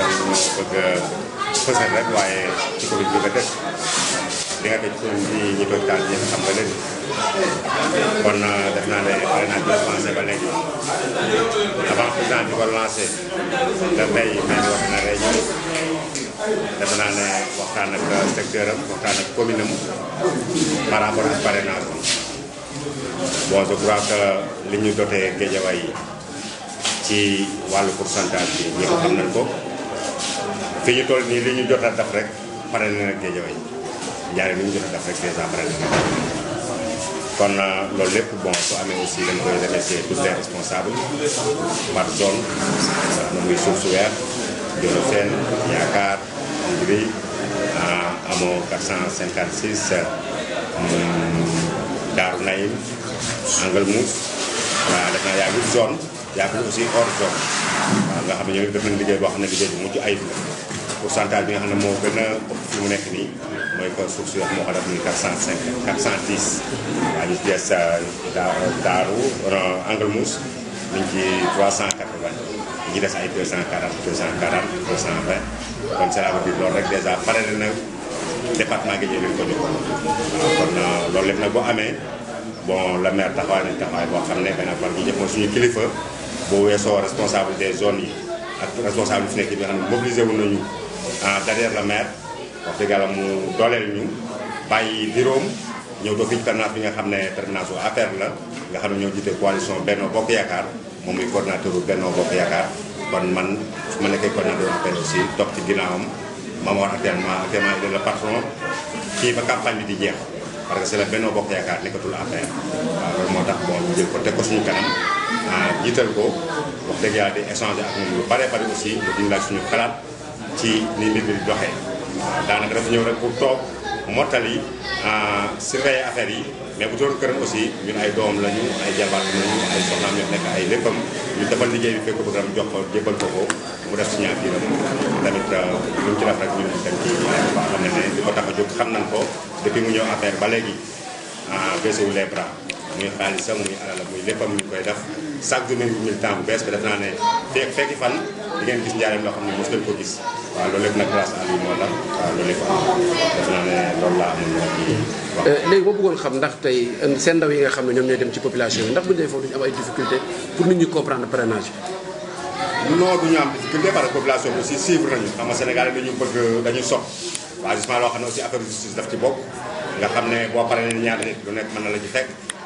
itam bëgg a fësal rek def ñu naa ne ko lancé na réunion def naa ne waxtaan ak secteur am waxtaan ak commune am par rapport ak parrainage bon je crois que li ñu dotee Guédiawaye ci wàllu pourcentage bi ñëpp xam nañ ko fi ñu toll nii li ñu jot a def rek pare na nag géejawaay ñaari li ñu jot a def rek dèjà pare na kon euh, loolu lépp bon su amee aussi dañ koy remercier tous les responsables par zone nu muy suuf su weer Diono Sène Yaakaar Ndiri amoo 456 Daaru Naïm Angle Mousse waaw def naa yaa ngi zone yaa ngi aussi hors zone waaw nga xam ne ñoo def nañ liggéey boo xam ne liggéey bu mucc ayib la pourcentage bi nga xam ne moo gën a ëpp fi mu nekk nii mooy que suuf si wax moo ko def nii quatre cent cinq quatre cent dix waaye euh, li ci des daaru cent quatre vingt ñi ay deux cent quarante deux cent quarante deux cent vingt kon pare na gi euh, loolu lépp nag boo amee bon la maire taxawaay nañ taxawaay boo ne suñu kilifa boo weesoo responsable des zones yi ak responsable bi fi nekk bi nga xam ne mobilisé nañu derrière la mer wax dëgg yàlla mu dooleel ñu bàyyi biroom ñëw ba fii ci permanence bi nga xam ne permanence u APR la nga xam ne ñoo jiite coalition Benno Bokk Yaakaar moom muy coordinateur u Benno Bokk Yaakaar kon man su ma nekkee coordinateur APR aussi top ci ginnaawam ma ma war actuellement actuellement il est le patron fii ba campagne bi di jeex parce que c'est la Benno Bokk Yaakaar nekkatul affaire waaw loolu moo tax bon ñu jël ko teg ko suñu kanam ah, jiital ko wax dëgg yàlla di échanger ak moom lu bare bari aussi diñu laaj suñu xalaat ci ni mbir mi doxee daanaka dafa ñëw rek bu toog mottali ah, surveiller affaire yi mais bu doon këram aussi ñun ay doomam lañu ay jarbaat lañu ay soxnaam ñoo nekk ay léppam ñu defal liggéey bi fekk ko bëgg jox ko jébbal ko ko mu def signature am tamit ah, lu mu ci def rek ñun ko tax a mu ñëw affaire ba léegi baissé ah, wu les bras muy xaalisam muy alalam muy léppam ñu koy def chaque jour ngeen gis militant bu bi def naa ne fekk fekki fan di ngeen gis njaareem loo xam ne mos leen ko gis waaw loolu lépp nag grâce à moo tax waaw loolu lépp am def naa ne loolu laa amoon wax euh, léegi boo bëggoon xam ndax tey euh, seen ndaw yi nga xam ne ñoom ñooy dem ci population yi ndax bu ñu defee foofu am ay difficulté pour nit ñi comprendre parrainage bi non du ñu am difficulté parce que population bi aussi suivre nañu xam nga Sénégal yi dañu bëgg dañu sopp waaw justement loo xam ne aussi affaire justice daf ci bokk nga xam ne boo paree ne ñaari nit lu na la ci fekk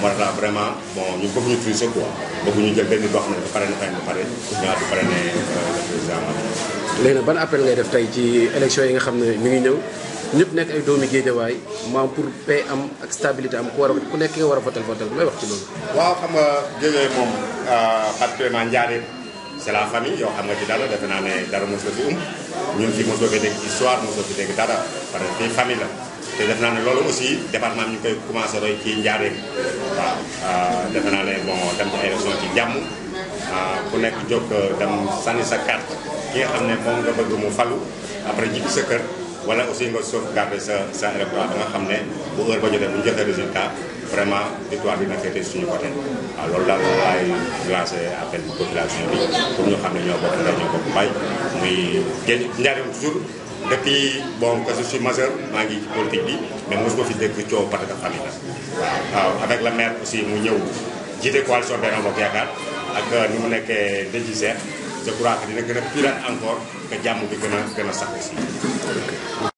moo tax vraiment bon ñu bëgguñu tricher quoi bëgguñu jël benn boo xam ne dafa pare na ba pare ñëwaat ba ne léegi nag ban appel ngay def tey ci élection yi nga xam ne mi ngi ñëw ñëpp nekk ay doomi géejawaay maam pour paix am ak stabilité am ku war ku nekk nga war a votel votel may wax ci loolu. waaw xam nga géejawaay moom particulièrement euh, Njaaréem c'est la famille yoo xam nga ci dara defe naa ne dara mosoo fi um ñun fii mosoo fi dégg histoire mosoo dégg dara parce que fii famille la. te def naa ne loolu aussi département ñu koy commencé roy ci njaareem waaw defe naa ne bon dem ci élection ci jàmm ah, ku nekk jokk euh, dam sànni sa carte ki nga xam ne moom nga bëgg mu falu après ñibbi sa kër wala aussi nga sauvegarder sa sa électorat ba xam ne bu heure ba jotee bu ñu joxee résultat vraiment victoire bi na suñu côté waaw ah, loolu daal moom laay lancé appel population bi pour ñu xam ne ñoo bokk ndey ñoo bokk bay muy génn njaareem toujours depuis bon que je majeur maa ngi ci bi mais mos ko fi dégg coow parce famille la waaw avec la maire aussi mu ñëw jiite coalition Benno Bokk Yaakaar ak euh, ni mu nekkee Déthié Seck je crois dina gën a piraat encore que jàmm bi gën a gën a sax aussi